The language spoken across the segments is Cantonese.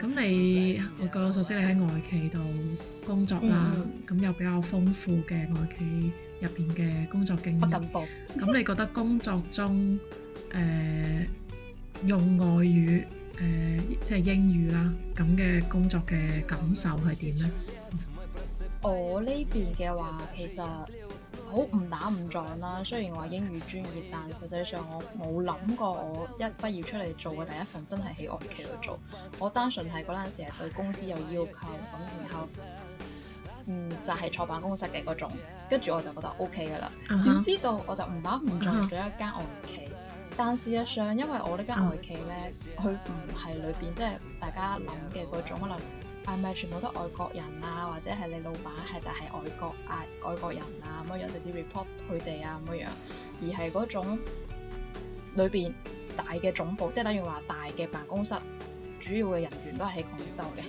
咁你，我據我所知，你喺外企度工作啦，咁有比較豐富嘅外企入邊嘅工作經驗。咁你覺得工作中，誒，用外語，誒，即係英語啦，咁嘅工作嘅感受係點呢？我呢邊嘅話，其實。好誤打誤撞啦、啊，雖然話英語專業，但實際上我冇諗過我一畢業出嚟做嘅第一份真係喺外企度做。我單純係嗰陣時係對工資有要求，咁然後嗯就係、是、坐辦公室嘅嗰種，跟住我就覺得 O K 噶啦。點、uh huh. 知道我就誤打誤撞咗一間外企，uh huh. 但事實上因為我間呢間外企咧，佢唔係裏邊即係大家諗嘅嗰種可能。係咪全部都外國人啊？或者係你老闆係就係外國啊、外國人啊咁樣樣，直接 report 佢哋啊咁樣樣，而係嗰種裏邊大嘅總部，即係等於話大嘅辦公室，主要嘅人員都係喺廣州嘅。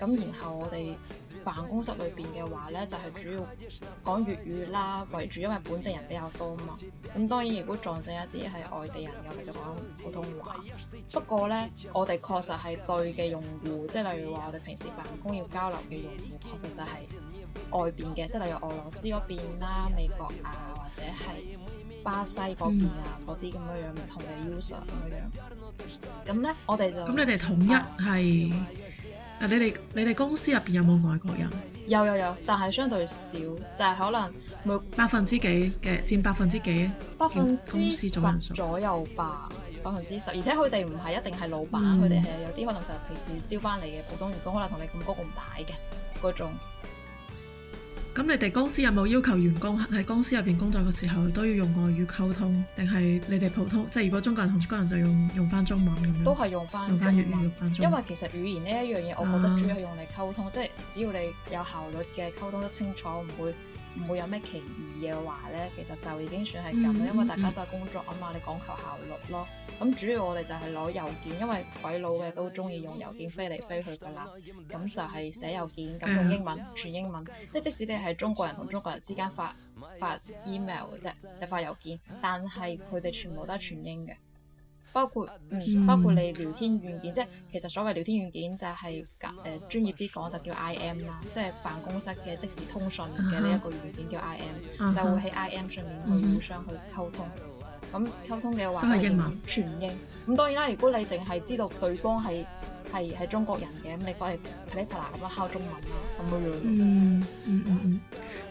咁然後我哋。辦公室裏邊嘅話咧，就係、是、主要講粵語啦，為主因為本地人比較多啊嘛。咁當然如果撞正一啲係外地人嘅嚟講，普通話。不過咧，我哋確實係對嘅用戶，即係例如話我哋平時辦公要交流嘅用戶，確實就係外邊嘅，即係例如俄羅斯嗰邊啦、美國啊，或者係巴西嗰邊啊嗰啲咁樣樣唔同嘅 user 咁樣樣。咁咧，我哋就咁、嗯、你哋統一係。啊！你哋你哋公司入邊有冇外國人？有有有，但係相對少，就係係可能每百分之幾嘅佔百分之幾公司總，百分之十左右吧，百分之十。而且佢哋唔係一定係老闆，佢哋係有啲可能就係平時招翻嚟嘅普通員工，可能同你咁高個唔大嘅嗰種。咁你哋公司有冇要求員工喺公司入面工作嘅時候都要用外語溝通，定係你哋普通即如果中國人同中國人就用用翻中文咁樣？都係用係用翻因為其實語言呢一樣嘢，我覺得主要係用嚟溝通，啊、即只要你有效率嘅溝通得清楚，唔會。唔會有咩歧義嘅話咧，其實就已經算係咁，嗯、因為大家都係工作啊嘛，嗯、你講求效率咯。咁主要我哋就係攞郵件，因為鬼佬嘅都鍾意用郵件飛嚟飛去嘅啦。咁就係寫郵件，咁用英文，嗯、全英文，即使你係中國人同中國人之間發發 email 啫，就發郵件，但係佢哋全部都係全英嘅。包括嗯，嗯包括你聊天軟件，即係其實所謂聊天軟件就係格誒專業啲講就叫 I M 啦，即係辦公室嘅即時通訊嘅呢一個軟件、啊、哈叫 I M，、啊、哈就會喺 I M 上面去互相去溝通。咁、嗯、溝通嘅話都係英文，全英。咁當然啦，如果你淨係知道對方係係係中國人嘅，咁你過嚟噼哩啪啦咁樣敲中文啦，咁嘅樣。嗯嗯嗯，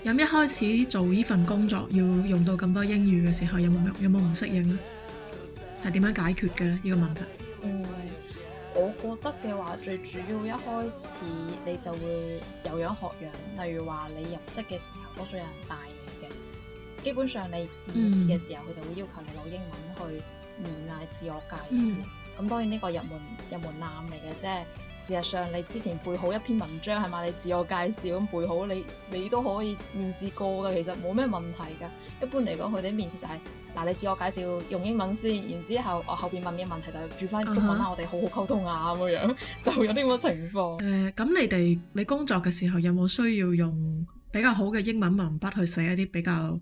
有咩一開始做呢份工作要用到咁多英語嘅時候，有冇有冇唔適應咧？係點樣解決嘅呢？呢、這個問題？嗯，我覺得嘅話，最主要一開始你就會有樣學樣，例如話你入職嘅時候多咗有人帶你嘅。基本上你面試嘅時候，佢、嗯、就會要求你攞英文去面啊、自我介紹。咁、嗯、當然呢個入門入門檻嚟嘅啫。事實上你之前背好一篇文章係嘛？你自我介紹咁背好，你你都可以面試過㗎。其實冇咩問題㗎。一般嚟講，佢哋面試就係、是。嗱，你自我介紹用英文先，然之後我後邊問啲問題就住翻都問下我哋好好溝通啊咁嘅樣，就有啲咁嘅情況。誒、uh,，咁你哋你工作嘅時候有冇需要用比較好嘅英文文筆去寫一啲比較誒、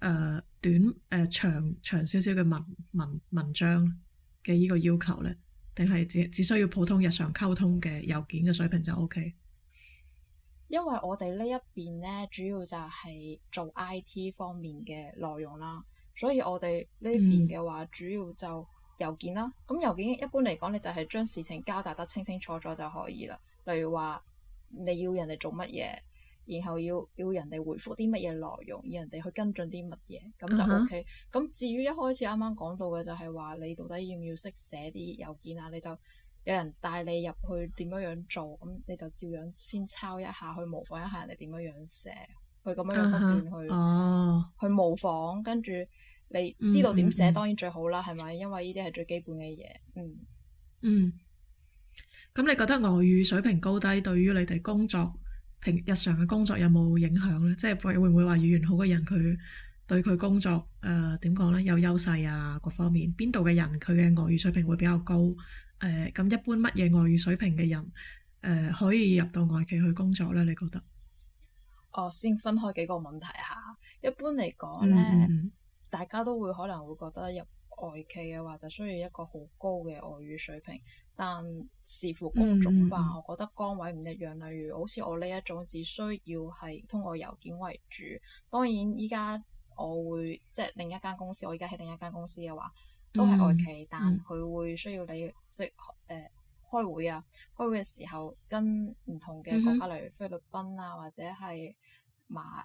呃、短誒、呃、長長少少嘅文文文章嘅呢個要求咧？定係只只需要普通日常溝通嘅郵件嘅水平就 OK？因為我哋呢一邊咧，主要就係做 IT 方面嘅內容啦。所以我哋呢邊嘅話，主要就郵件啦。咁郵件一般嚟講，你就係將事情交代得清清楚楚就可以啦。例如話，你要人哋做乜嘢，然後要要人哋回覆啲乜嘢內容，要人哋去跟進啲乜嘢，咁就 OK。咁、uh huh. 至於一開始啱啱講到嘅就係話，你到底要唔要識寫啲郵件啊？你就有人帶你入去點樣樣做，咁你就照樣先抄一下，去模仿一下人哋點樣樣寫。佢咁樣去，模仿，跟住、uh huh. oh. 你知道點寫當然最好啦，係咪、mm hmm.？因為呢啲係最基本嘅嘢。嗯、mm、嗯。咁、hmm. mm hmm. 你覺得外語水平高低對於你哋工作平日常嘅工作有冇影響呢？即係會唔會話語言好嘅人佢對佢工作誒點講呢？有優勢啊？各方面邊度嘅人佢嘅外語水平會比較高？誒、呃、咁一般乜嘢外語水平嘅人誒、呃、可以入到外企去工作呢？你覺得？哦，先分開幾個問題下、啊、一般嚟講咧，mm hmm. 大家都會可能會覺得入外企嘅話，就需要一個好高嘅外語水平。但視乎工種吧，mm hmm. 我覺得崗位唔一樣。例如好似我呢一種，只需要係通過郵件為主。當然依家我會即係另一間公司，我依家喺另一間公司嘅話，都係外企，mm hmm. 但佢會需要你識誒。開會啊！開會嘅時候，跟唔同嘅國家，mm hmm. 例如菲律賓啊，或者係馬、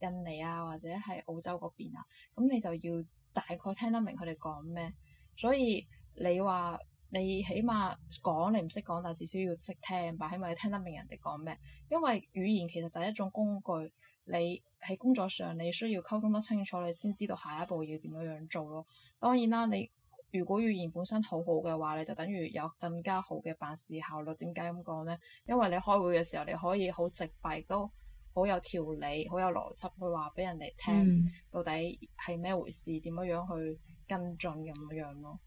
誒印尼啊，或者係澳洲嗰邊啊，咁你就要大概聽得明佢哋講咩。所以你話你起碼講你唔識講，但至少要識聽吧。起碼你聽得明人哋講咩，因為語言其實就係一種工具。你喺工作上你需要溝通得清楚，你先知道下一步要點樣做咯。當然啦，你。如果語言本身好好嘅話，你就等於有更加好嘅辦事效率。點解咁講咧？因為你開會嘅時候，你可以好直白，都好有條理，好有邏輯去話俾人哋聽，到底係咩回事，點樣、嗯、樣去跟進咁樣咯。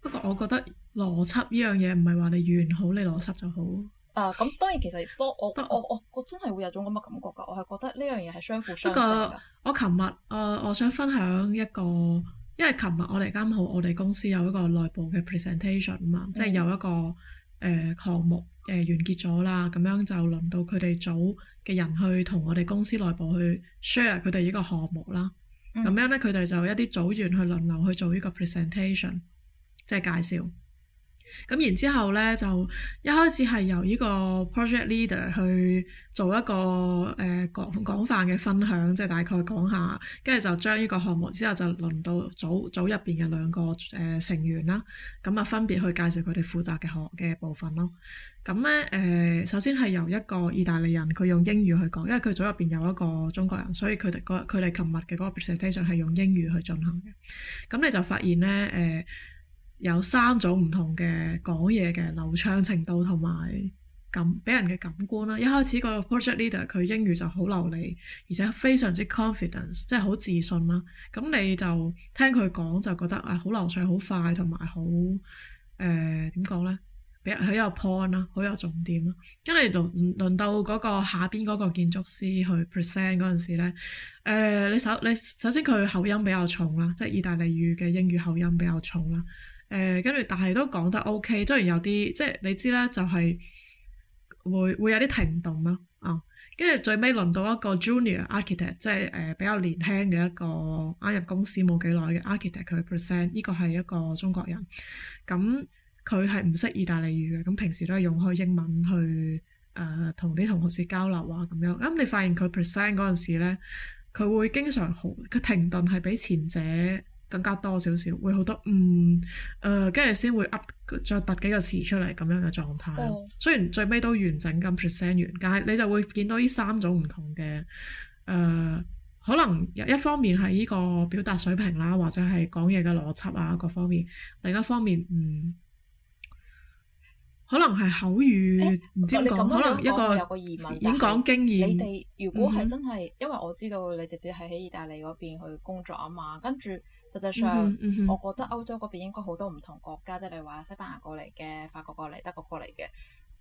不過我覺得邏輯呢樣嘢唔係話你語言好，你邏輯就好。啊、呃，咁當然其實都我我我我真係會有種咁嘅感覺㗎。我係覺得呢樣嘢係相輔相成㗎。我琴日，誒、呃，我想分享一個。因為琴日我哋啱好，我哋公司有一個內部嘅 presentation 啊嘛、嗯，即係有一個誒、呃、項目誒、呃、完結咗啦，咁樣就輪到佢哋組嘅人去同我哋公司內部去 share 佢哋呢個項目啦。咁、嗯、樣咧，佢哋就一啲組員去輪流去做呢個 presentation，即係介紹。咁然之後咧，就一開始係由呢個 project leader 去做一個誒廣、呃、廣泛嘅分享，即、就、係、是、大概講下，跟住就將呢個項目之後就輪到組組入邊嘅兩個誒、呃、成員啦，咁啊分別去介紹佢哋負責嘅學嘅部分咯。咁咧誒，首先係由一個意大利人佢用英語去講，因為佢組入邊有一個中國人，所以佢哋佢哋琴日嘅嗰個 presentation 係用英語去進行嘅。咁、嗯、你就發現咧誒。呃有三種唔同嘅講嘢嘅流暢程度同埋感俾人嘅感官啦。一開始個 project leader 佢英語就好流利，而且非常之 confidence，即係好自信啦。咁你就聽佢講就覺得啊，好流暢、好快同埋好誒點講咧？俾佢有 point 啦，好有重點啦。跟住輪輪到嗰個下邊嗰個建築師去 present 嗰陣時咧，誒、呃、你首你首先佢口音比較重啦，即係意大利語嘅英語口音比較重啦。誒跟住但係都講得 OK，雖然有啲即係你知咧就係會會有啲停頓啦。啊、哦，跟住最尾輪到一個 Junior Architect，即係誒、呃、比較年輕嘅一個啱入公司冇幾耐嘅 Architect 佢去 present，呢個係一個中國人咁。佢係唔識意大利語嘅，咁平時都係用開英文去誒同啲同學士交流啊，咁樣咁你發現佢 present 嗰陣時咧，佢會經常好佢停頓係比前者更加多少少，會好多嗯誒，跟住先會噏再凸幾個詞出嚟咁樣嘅狀態。嗯、雖然最尾都完整咁 present 完，但係你就會見到呢三種唔同嘅誒、呃，可能有一方面係呢個表達水平啦，或者係講嘢嘅邏輯啊各方面，另一方面嗯。可能係口語，唔、欸、知你可能一個有個疑問，點講經驗？你哋如果係真係，嗯、哼因為我知道你直接係喺意大利嗰邊去工作啊嘛，跟住實際上，我覺得歐洲嗰邊應該好多唔同國家，嗯、哼即係你話西班牙過嚟嘅、法國過嚟、德國過嚟嘅。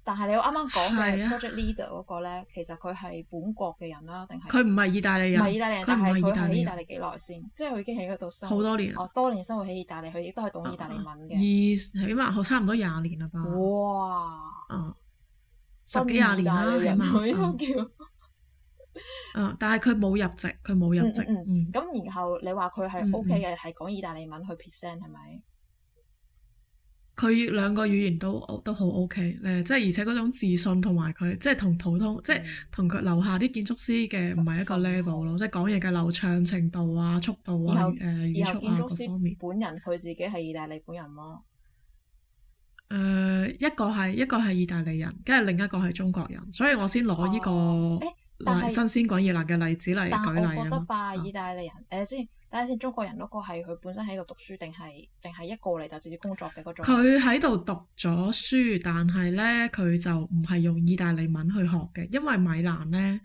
但係你我啱啱講嘅 project leader 嗰個咧，其實佢係本國嘅人啦，定係佢唔係意大利人，唔係意大利人，但係佢喺意大利幾耐先？即係佢已經喺嗰度生活好多年，哦，多年生活喺意大利，佢亦都係懂意大利文嘅。二起碼差唔多廿年啦吧？哇！十幾廿年啦，係嘛？嗯，但係佢冇入籍，佢冇入籍。嗯嗯。咁然後你話佢係 OK 嘅，係講意大利文去 present 係咪？佢兩個語言都，嗯，都好 O K，即係而且嗰種自信同埋佢，即係同普通，即係同佢樓下啲建築師嘅唔係一個 level 咯，嗯，即係講嘢嘅流暢程度啊、速度啊、誒後語速啊各方面。本人佢自己係意大利本人咯，啊。誒、呃，一個係一個係意大利人，跟住另一個係中國人，所以我先攞呢、呢個、哦、誒新鮮滾熱辣嘅例子嚟舉例是意大利人誒先。嗯睇下先，中國人嗰個係佢本身喺度讀書，定係定係一過嚟就直接工作嘅嗰種？佢喺度讀咗書，但係咧佢就唔係用意大利文去學嘅，因為米蘭咧，誒、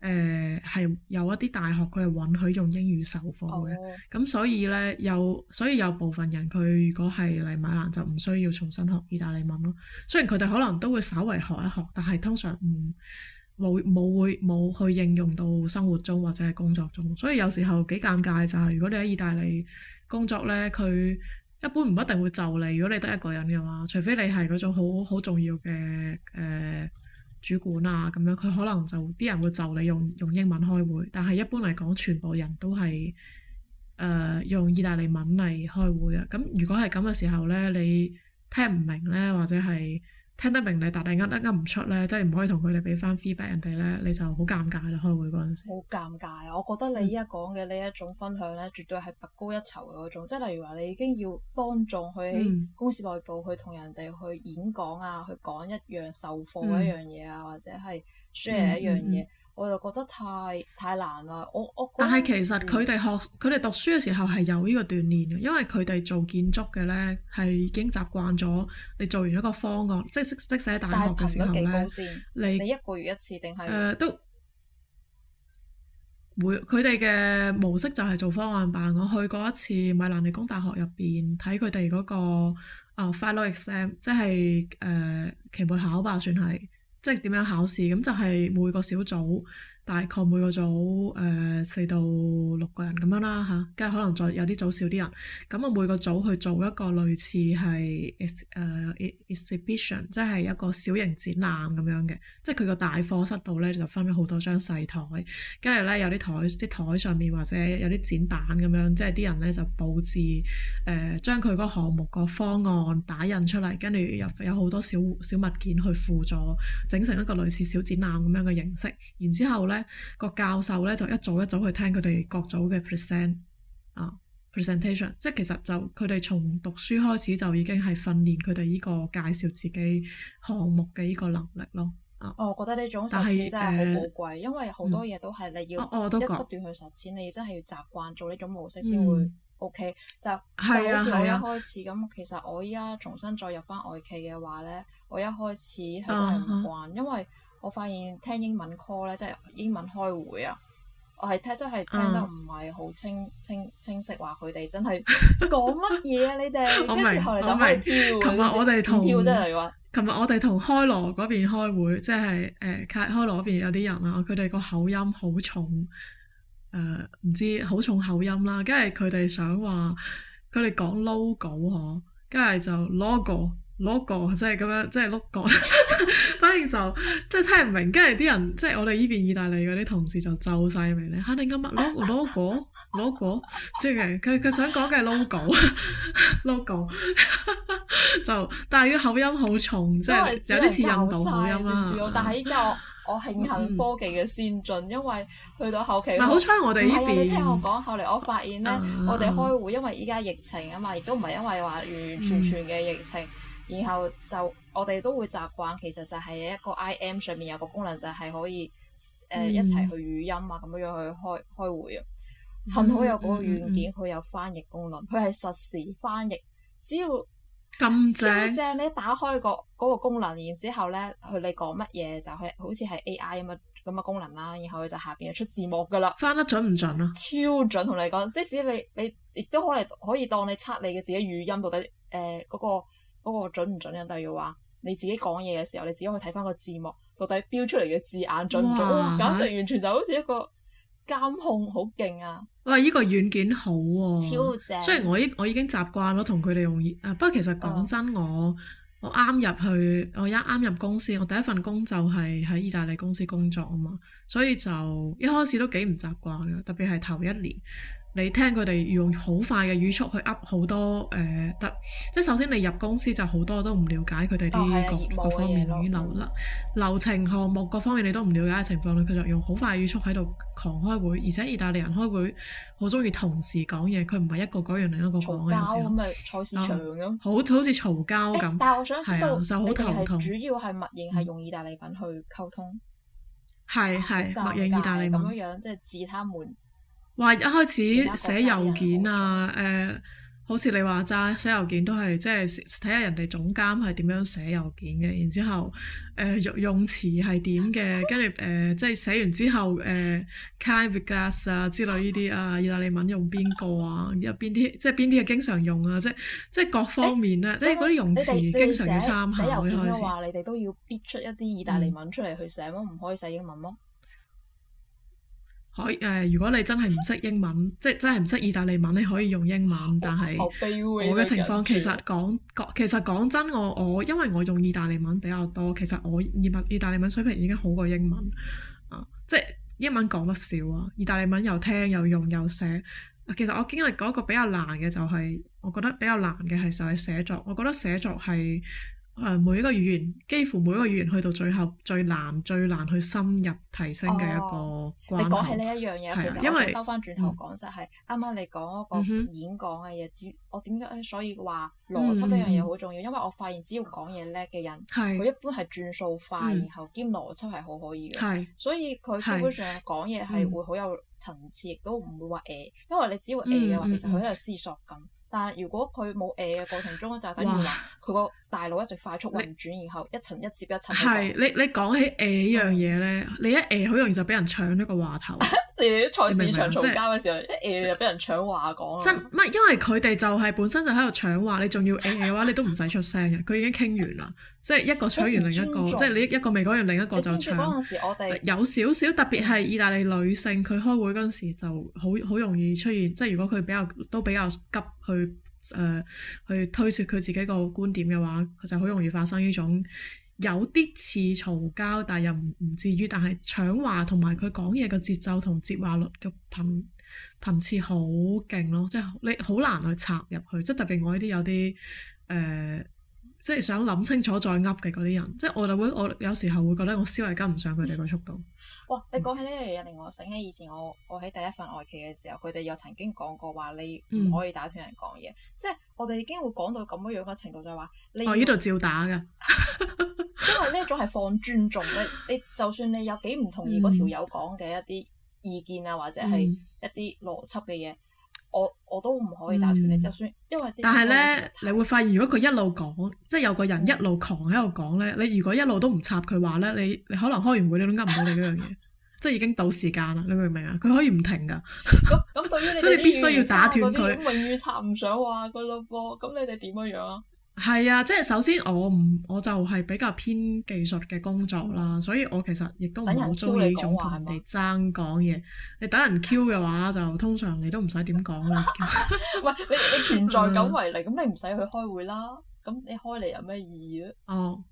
呃、係有一啲大學佢係允許用英語授課嘅，咁、哦、的所以咧有所以有部分人佢如果係嚟米蘭就唔需要重新學意大利文咯。雖然佢哋可能都會稍微學一學，但係通常唔。冇冇去應用到生活中或者係工作中，所以有時候幾尷尬，就係如果你喺意大利工作呢，佢一般唔一定會就你。如果你得一個人嘅話，除非你係嗰種好好重要嘅誒、呃、主管啊咁樣，佢可能就啲人就會就你用用英文開會。但係一般嚟講，全部人都係誒、呃、用意大利文嚟開會啊。咁如果係咁嘅時候呢，你聽唔明呢，或者係，聽得明你，但係噏噏唔出咧，即係唔可以同佢哋俾翻 feedback 人哋咧，你就好尷尬啦。開會嗰陣時，好尷尬。我覺得你依家講嘅呢一種分享咧，絕對係拔高一籌嘅嗰種。即係例如話，你已經要當眾去公司內部去同人哋去演講啊，去講一樣授課一樣嘢啊，嗯、或者係 share 一樣嘢。嗯嗯嗯。我就覺得太太難啦！我我但係其實佢哋學佢哋讀書嘅時候係有呢個鍛鍊嘅，因為佢哋做建築嘅咧，係已經習慣咗你做完一個方案。即係即使喺大學嘅時候咧，你，你一個月一次定係誒都會佢哋嘅模式就係做方案吧。我去過一次米蘭理工大學入邊睇佢哋嗰個、uh, final exam，即係誒、uh, 期末考吧，算係。即係點樣考試？咁就係每個小組。大概每個組誒，四到六個人咁樣啦吓，跟住可能再有啲組少啲人，咁啊每個組去做一個類似係誒、呃、exhibition，即係一個小型展覽咁樣嘅，即係佢個大課室度咧就分咗好多張細台，跟住咧有啲台啲台上面或者有啲展板咁樣，即係啲人咧就布置誒，將佢個項目個方案打印出嚟，跟住又有好多小小物件去輔助，整成一個類似小展覽咁樣嘅形式，然之後咧。咧個教授咧就一早一早去聽佢哋各組嘅 present 啊、uh, presentation，即係其實就佢哋從讀書開始就已經係訓練佢哋呢個介紹自己項目嘅呢個能力咯。啊、uh, 哦，我覺得呢種實踐真係好寶貴，呃、因為好多嘢都係你要、嗯、我我一不斷去實踐，你真係要習慣做呢種模式先會 OK。嗯、就就好似我一開始咁，啊啊、其實我依家重新再入翻外企嘅話咧，我一開始係真係唔慣，uh, 因為，我發現聽英文 call 咧，即係英文開會，就是，啊！我係聽都係聽得唔係好清清清晰，啊，話佢哋真係講乜嘢啊！你哋我明我明。琴日我哋同，琴日我哋同開羅嗰邊開會，即係誒開開羅嗰邊有啲人啊。佢哋個口音好重，誒、呃、唔知好重口音啦，跟住佢哋想話佢哋講 logo 嗬，跟住就 logo。logo 即係咁樣，即係 logo。反正就即係聽唔明，跟住啲人即係我哋呢邊意大利嗰啲同事就皺晒眉咧。吓 logo，logo 即係佢佢想講嘅係 logo，logo。就但係個口音好重，即係有啲似印度口音啦。但係依家我我慶幸科技嘅先進，因為去到後期。好彩我哋呢邊。你聽我講，後嚟我發現咧，我哋開會因為依家疫情啊嘛，亦都唔係因為話完全全嘅疫情。然後就我哋都會習慣，其實就係一個 I M 上面有個功能，就係可以誒、嗯呃、一齊去語音啊，咁樣樣去開開會啊。幸、嗯、好有嗰個軟件，佢、嗯、有翻譯功能，佢係實時翻譯，只要咁正要你打開、那個嗰、那個、功能，然之後咧佢你講乜嘢就係好似係 A I 咁嘅咁嘅功能啦。然後佢就下邊就出字幕㗎啦。翻得準唔準啊？超準，同你講，即使你你亦都可能可以當你測你嘅自,自己語音到底誒嗰個。嗰個、哦、準唔準啊？例如話，你自己講嘢嘅時候，你自己可以睇翻個字幕，到底標出嚟嘅字眼準唔準？哇簡直完全就好似一個監控，好勁啊！喂，依、呢個軟件好喎、啊，超正。雖然我依我已經習慣咗同佢哋用、啊，不過其實講真、哦我，我我啱入去，我一啱入公司，我第一份工就係喺意大利公司工作啊嘛，所以就一開始都幾唔習慣㗎，特別係頭一年。你聽佢哋用好快嘅語速去 up 好多誒得、呃，即係首先你入公司就好多都唔了解佢哋啲各方面流、嗯、流程、項目各方面你都唔瞭解嘅情況，佢就用好快嘅語速喺度狂開會，而且意大利人開會好中意同時講嘢，佢唔係一個講另一個講樣先。嘈交咁咪菜市場咁，好好似嘈交咁。但係我想知道、啊，就好頭痛，主要係默認係用意大利文去溝通，係係默認意大利文咁即係治他們。話一開始寫郵件啊，誒、呃，好似你話齋寫郵件都係即係睇下人哋總監係點樣寫郵件嘅，然之後誒、呃、用詞係點嘅，跟住誒即係寫完之後誒、呃、kind regards 啊之類呢啲啊，意大利文用邊個啊？有邊啲即係邊啲係經常用啊？即即係各方面咧，即係嗰啲用詞們經常要參考。開始寫。寫郵件嘅話，你哋都要逼出一啲意大利文出嚟去寫咯，唔可以寫英文咯。可誒、呃，如果你真係唔識英文， 即係真係唔識意大利文，你可以用英文。 但係我嘅情況 其實講講，其實講真我我，因為我用意大利文比較多，其實我意意大利文水平已經好過英文、 啊、即係英文講得少啊，意大利文又聽又用又寫。其實我經歷過個比較難嘅就係、是，我覺得比較難嘅係就係寫作。我覺得寫作係。.誒每一個語言，幾乎每一個語言去到最後最難、最難去深入提升嘅一個關口。你講起呢一樣嘢，其實因為兜翻轉頭講就係啱啱你講一個演講嘅嘢，我點解所以話邏輯呢樣嘢好重要？因為我發現只要講嘢叻嘅人，佢一般係轉數快，然後兼邏輯係好可以嘅。係，所以佢基本上講嘢係會好有層次，亦都唔會話誒，因為你只要誒嘅話，其實佢喺度思索緊。但係如果佢冇誒嘅過程中，就係、等於話佢個大腦一直快速運轉，你 然後一層一接一層一。係你你講起誒呢樣嘢咧，你，你，呃嗯、你一誒好、呃、容易就俾人搶咗個話頭。 你啲菜市場嘈交嘅時候，一誒、呃、就俾人搶話講。真唔係因為佢哋就係本身就喺度搶話，你仲要誒嘅、呃、話，你都唔使出聲嘅。佢已經傾完啦， 即係一個搶完另一個，即係你一個未講完，另一個就搶。跟住嗰時我，我哋、呃、有少少特別係意大利女性，佢開會嗰陣時就好好容易出現，即係如果佢比較都比較急。去誒、呃、去推説佢自己個觀點嘅話，佢就好容易發生呢種有啲似嘈交，但係又唔唔至於，但係搶話同埋佢講嘢個節奏同接話率嘅頻頻次好勁咯，即係你好難去插入去，即係特別我呢啲有啲誒。呃即係想諗清楚再噏嘅嗰啲人，即係我就會，我有時候會覺得我思維跟唔上佢哋個速度。嗯、哇！你講起呢樣嘢，令我醒起以前我我喺第一份外企嘅時候，佢哋又曾經講過話你唔可以打斷人講嘢，嗯、即係我哋已經會講到咁樣嘅程度，就係話你呢度照打㗎。 因為呢種係放尊重嘅，你就算你有幾唔同意嗰條友講嘅一啲意見啊，嗯、或者係一啲邏輯嘅嘢。我我都唔可以打斷你，就算因為但係咧，太你會發現如果佢一路講，即係有個人一路狂喺度講咧，你如果一路都唔插佢話咧，你你可能開完會你都呃唔到呢樣嘢， 即係已經到時間啦，你明唔明啊？佢可以唔停噶。咁咁 對於你啲，所以你必須要打斷佢，永遠插唔上話噶咯噃。咁你哋點樣樣啊？ 係啊，即係首先我唔，我就係比較偏技術嘅工作啦，所以我其實亦都唔好鍾意種同人哋爭講嘢。你等人 Q 嘅話，就通常你都唔使點講啦。喂，你你存在感為零，咁 你唔使去開會啦。咁你開嚟有咩意義啊？哦，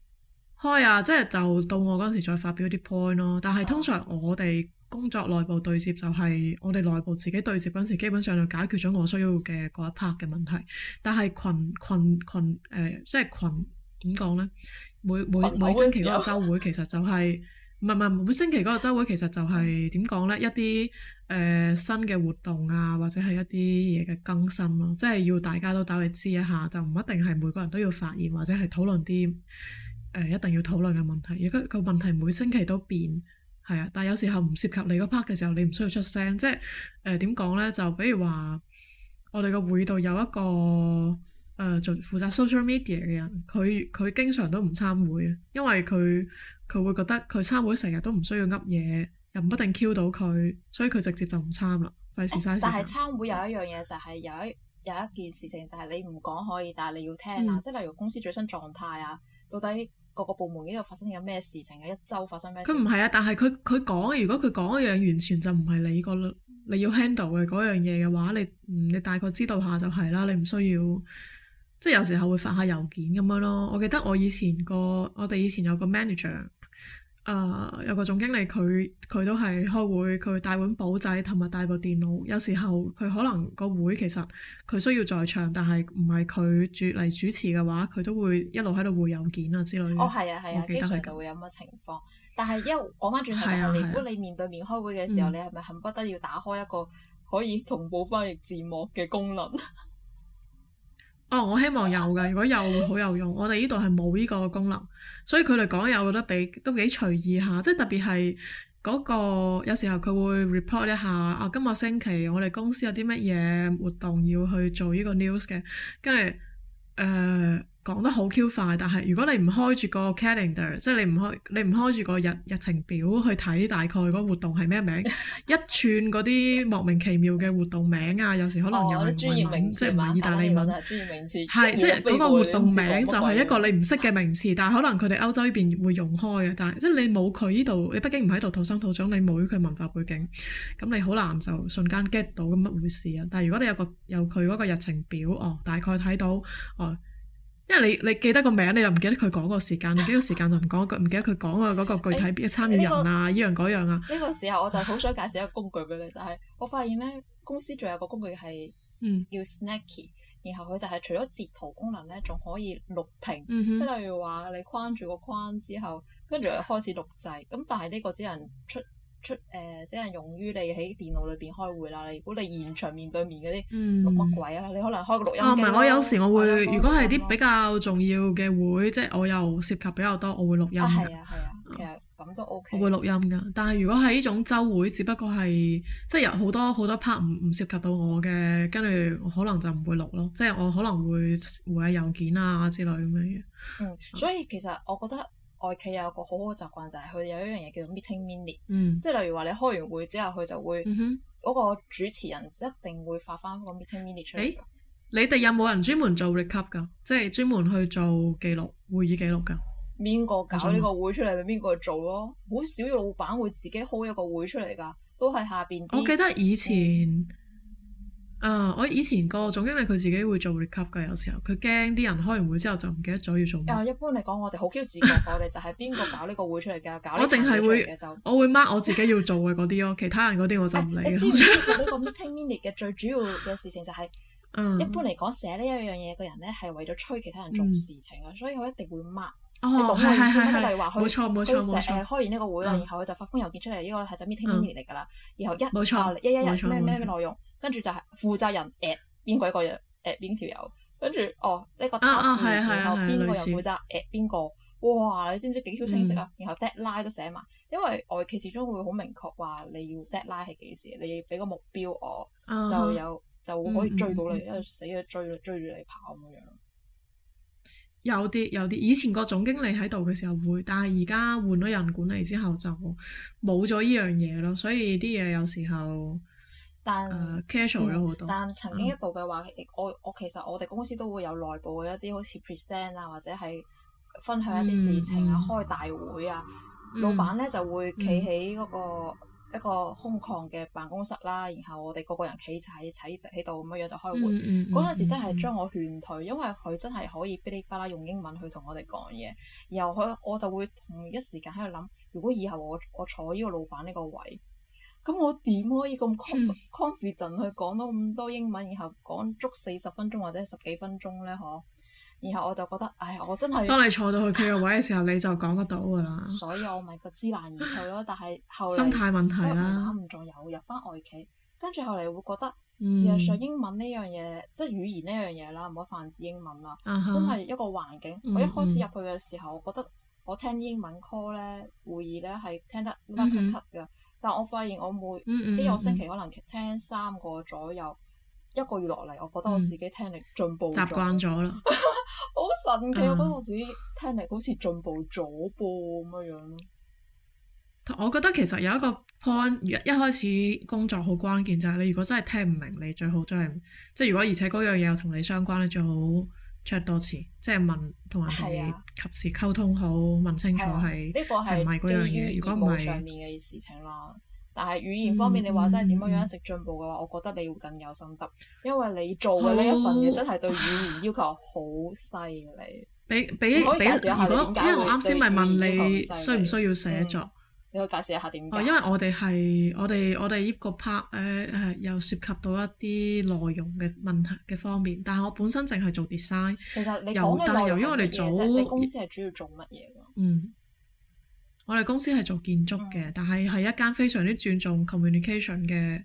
開啊，即係就到我嗰時再發表啲 point 咯。但係通常我哋。 工作內部對接就係我哋內部自己對接嗰陣時，基本上就解決咗我需要嘅嗰一 part 嘅問題。但係群群群，誒、呃，即係群點講呢？每每每星期嗰個週會其實就係唔係，唔係每星期嗰個週會其實就係點講呢？一啲誒、呃、新嘅活動啊，或者係一啲嘢嘅更新咯、啊，即係要大家都稍微知一下，就唔一定係每個人都要發言或者係討論啲誒、呃、一定要討論嘅問題。而家個問題每星期都變。係啊，但係有時候唔涉及你嗰 part 嘅時候，你唔需要出聲。即係誒點講咧？就比如話，我哋個會度有一個誒盡、呃、負責 social media 嘅人，佢佢經常都唔參會，因為佢佢會覺得佢參會成日都唔需要噏嘢，又唔一定 cue 到佢，所以佢直接就唔參啦，費事嘥時間、欸、但係參會有一樣嘢、嗯、就係有一有一件事情就係、是、你唔講可以，但係你要聽啊，即係例如公司最新狀態啊，到底。各個部門呢度發生緊咩事情啊？一周發生咩？佢唔係啊，但係佢佢講，如果佢講一樣完全就唔係你個你要 handle 嘅嗰樣嘢嘅話，你嗯你大概知道下就係啦，你唔需要，即係有時候會發下郵件咁樣咯。我記得我以前個我哋以前有個 manager。誒、uh, 有個總經理佢佢都係開會，佢帶碗簿仔同埋帶部電腦。有時候佢可能個會其實佢需要在場，但係唔係佢主嚟主持嘅話，佢、哦啊啊、都會一路喺度回郵件啊之類。哦，係啊係啊，經常會有乜情況。 但係因為講返轉頭如果你面對面開會嘅時候，啊、你係咪恨不得要打開一個可以同步翻譯字幕嘅功能？嗯哦，我希望有㗎，如果有會好有用。我哋呢度係冇呢個功能，所以佢哋講嘢我覺得比都幾隨意下，即係特別係嗰個有時候佢會 report 一下，啊今個星期我哋公司有啲乜嘢活動要去做呢個 news 嘅，跟住誒。呃講得好 Q 快，但係如果你唔開住個 calendar，即係你唔開你唔開住個日日程表去睇大概嗰活動係咩名，一串嗰啲莫名其妙嘅活動名啊，有時可能有啲唔即係唔係意大利文係即係嗰個活動名就係一個你唔識嘅名詞，但係可能佢哋歐洲呢邊會用開嘅，但係即係你冇佢呢度，你畢竟唔喺度土生土長，你冇佢文化背景，咁你好難就瞬間 get 到咁乜回事啊！但係如果你有個有佢嗰個日程表哦，大概睇到哦。因為你你記得個名，你就唔記得佢講個時間，你記得個時間就唔講，唔記得佢講啊嗰個具體邊一個參與人啊依、欸這個、樣嗰樣啊。呢個時候我就好想介紹一個工具畀你。唉就係我發現咧公司仲有個工具係叫 Snacky，、嗯、然後佢就係除咗截圖功能咧，仲可以錄屏，即係、嗯、哼例如話你框住個框之後，跟住開始錄製，咁但係呢個只能出。出誒、呃，即係用於你喺電腦裏邊開會啦。如果你現場面對面嗰啲，嗯、錄乜鬼啊？你可能開個錄音。啊、唔係，我有時我會，如果係啲比較重要嘅會，即係我又涉及比較多，我會錄音嘅。係啊係啊，啊，其實咁都 OK。我會錄音噶，但係如果係呢種周會，只不過係即係有好多好多 part 唔唔涉及到我嘅，跟住我可能就唔會錄咯。即係我可能會回下郵件啊之類咁樣。嗯，嗯所以其實我覺得。外企有個好好嘅習慣，就係、是、佢有一樣嘢叫做 meeting minute，即係例如話你開完會之後，佢就會嗰、嗯、哼個主持人一定會發翻個 meeting minute，出嚟你哋有冇人專門做 record 噶？即係專門去做記錄會議記錄噶？邊個搞呢個會出嚟，邊個去做咯？好少老闆會自己開一個會出嚟㗎，都係下邊。我記得以前、嗯。啊！我以前個總經理佢自己會做 recap 嘅，有時候佢驚啲人開完會之後就唔記得咗要做。一般嚟講，我哋好 Q 自覺，我哋就係邊個搞呢個會出嚟嘅，搞呢個出嚟，我淨係會，我會 mark 我自己要做嘅嗰啲咯，其他人嗰啲我就唔理。呢個 meeting minute 嘅最主要嘅事情就係，一般嚟講寫呢一樣嘢嘅人咧係為咗催其他人做事情啊，所以我一定會 mark 呢個會。冇錯冇錯冇錯。例如話佢開完呢個會啊，然後佢就發封郵件出嚟，呢個係就 meeting minute 嚟㗎啦。然後一冇錯啊一一日咩咩內容。跟住就係負責人 at 邊個一個人 at 邊條友，跟住哦呢、呢個 task，、啊啊、然後邊個人負責 at 邊個，哇你知唔知幾 Q 清晰啊？嗯、然後 deadline 都寫埋，因為外企始終會好明確話你要 deadline 係幾時，你俾個目標我、啊、就有就可以追到你，嗯嗯、一路死咗追追住你跑咁樣。有啲有啲，以前個總經理喺度嘅時候會，但係而家換咗人管理之後就冇咗依樣嘢咯，所以啲嘢有時候。但、uh, casual 咗好多、嗯，但曾經一度嘅話，uh. 我我其實我哋公司都會有內部嘅一啲好似 present 啊，或者係分享一啲事情啊，mm. 開大會啊，mm. 老闆咧就會企喺嗰個、mm. 一個空曠嘅辦公室啦，然後我哋個個人企就喺喺喺度咁樣就開會。嗰陣、mm. 時真係將我勸退，因為佢真係可以噼里啪啦用英文去同我哋講嘢，然後佢我就會同一時間喺度諗，如果以後我我坐呢個老闆呢個位。咁我點可以咁 confident 去講到咁多英文，然後講足四十分鐘或者十幾分鐘咧？嗬，然後我就覺得，唉，我真係。當你坐到去佢個位嘅時候，你就講得到噶啦。所以我咪個知難而退咯，但係後嚟。心態問題啦。啱唔仲有入翻外企，跟住後嚟會覺得事實上英文呢樣嘢，即係語言呢樣嘢啦，唔好泛指英文啦，真係一個環境。我一開始入去嘅時候，我覺得我聽英文 call 咧，會議咧係聽得 cut c u 但我發現我每呢個星期可能聽三個左右，嗯、一個月落嚟，我覺得我自己聽力進步、嗯，習慣咗啦，好 神奇，嗯、我覺得我自己聽力好似進步咗噃咁樣咯。我覺得其實有一個 point，一開始工作好關鍵就係、是、你如果真係聽唔明，你最好真係即係如果而且嗰樣嘢又同你相關，你最好。着多次，即係問同人哋，及時溝通好，啊、問清楚係、呢個係咪嗰樣嘢？如果唔係上面嘅事情咯。但係語言方面，嗯、你話真係點樣樣一直進步嘅話，我覺得你會更有心得，因為你做嘅呢一份嘢、哦、真係對語言要求好犀利。俾俾俾，如果為因為我啱先咪問你需唔需要寫作？嗯你可以解釋一下點？哦，因為我哋係我哋我哋呢個 part 咧、呃、又涉及到一啲內容嘅問題嘅方面，但係我本身淨係做 design。其實你講嘅內容係嘅。即係你公司係主要做乜嘢？嗯，我哋公司係做建築嘅，嗯、但係係一間非常之注重 communication 嘅。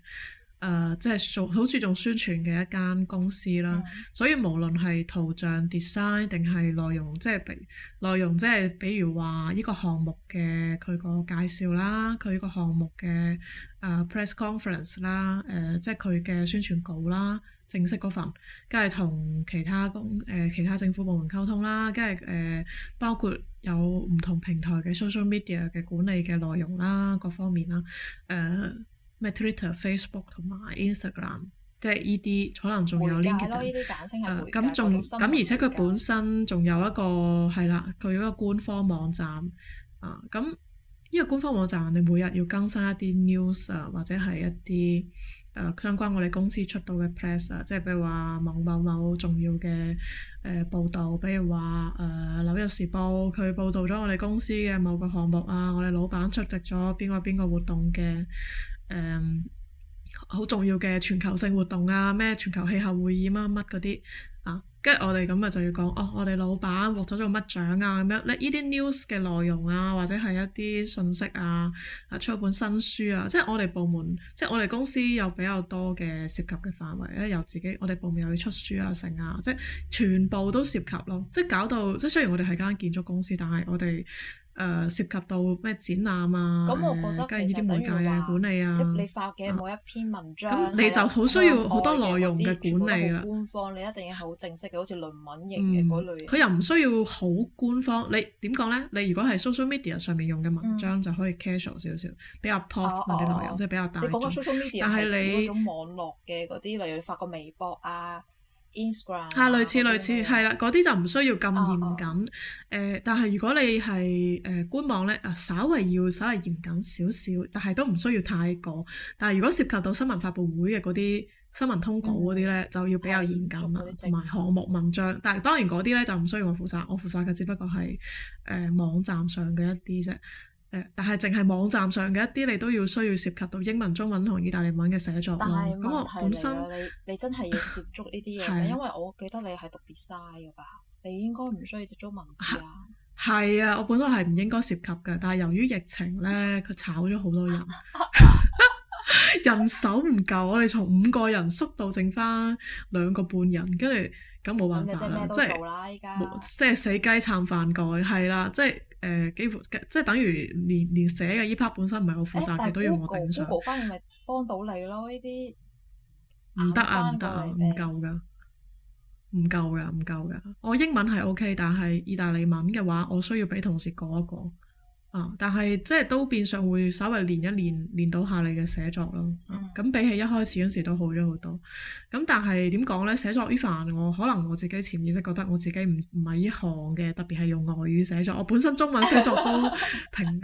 誒，即係好注重宣傳嘅一間公司啦，嗯、所以無論係圖像 design 定係內容，即係比內容即係、就是、比如話依個項目嘅佢個介紹啦，佢依個項目嘅誒、uh, press conference 啦、呃，誒即係佢嘅宣傳稿啦，正式嗰份，梗係同其他公誒、呃、其他政府部門溝通啦，梗係誒包括有唔同平台嘅 social media 嘅管理嘅內容啦，各方面啦，誒、呃。咩 Twitter、Tw Facebook 同埋 Instagram，即係呢啲可能仲有呢啲簡稱。每日咁仲咁，啊、而且佢本身仲有一個係啦，佢有一個官方網站啊。咁呢個官方網站，你每日要更新一啲 news 啊，或者係一啲誒、啊、相關我哋公司出到嘅 press 啊，即係譬如話某某某重要嘅誒、呃、報道，譬如話誒、呃、紐約時報佢報道咗我哋公司嘅某個項目啊，我哋老闆出席咗邊個邊個活動嘅。誒，好、嗯、重要嘅全球性活動啊，咩全球氣候會議啊乜嗰啲啊，跟住我哋咁啊就要講，哦，我哋老闆獲咗咗個乜獎啊咁樣咧，呢啲 news 嘅內容啊，或者係一啲信息啊，啊出一本新書啊，即係我哋部門，即係我哋公司有比較多嘅涉及嘅範圍咧，由自己我哋部門又要出書啊成啊，即係全部都涉及咯，即係搞到即係雖然我哋係間建築公司，但係我哋。誒、呃、涉及到咩展覽啊，嗯、我覺得跟住呢啲媒介啊、管理啊，你發嘅每一篇文章，咁、啊、你就好需要好多內容嘅管理啦。嗯、官方你一定要係好正式嘅，好似論文型嘅嗰類。佢、嗯、又唔需要好官方，你點講咧？你如果係 social media 上面用嘅文章、嗯、就可以 casual 少少，比較 pop 嘅內容，即、啊、係比較大眾。你講嘅 social media 係指嗰種網絡嘅嗰啲，例如你發個微博啊。吓 Instagram,、啊，類似 Okay. 類似係啦，嗰啲就唔需要咁嚴謹。但係如果你係誒官網呢，啊，稍微要稍微嚴謹少少，但係都唔需要太過。但係如果涉及到新聞發布會嘅嗰啲新聞通稿嗰啲呢，嗯、就要比較嚴謹啦，同埋項目文章。但係當然嗰啲呢，就唔需要我負責，我負責嘅只不過係誒、呃、網站上嘅一啲啫。但係淨係網站上嘅一啲，你都要需要涉及到英文、中文同意大利文嘅寫作咯。咁我本身你，你真係要接觸呢啲嘢， 因為我記得你係讀 design 㗎吧？你應該唔需要接觸文字啊。係 啊，我本來係唔應該涉及嘅，但係由於疫情咧，佢炒咗好多人， 人手唔夠，我哋從五個人縮到剩翻兩個半人，跟住咁冇辦法啦，即係死雞撐飯蓋係啦，即係。 誒、呃、幾乎即係等於連連寫嘅 E-Pak 本身唔係我負責，佢、欸、都要我頂上。誒，但係嗰個咪幫到你咯？呢啲唔得啊，唔得啊，唔夠噶，唔夠噶，唔夠噶。我英文係 O.K.，但係意大利文嘅話，我需要俾同事講一講。但係即係都變相會稍微練一練，練到下你嘅寫作咯。咁比起一開始嗰時都好咗好多。咁但係點講咧？寫作呢凡我可能我自己潛意識覺得我自己唔唔係呢行嘅，特別係用外語寫作。我本身中文寫作都平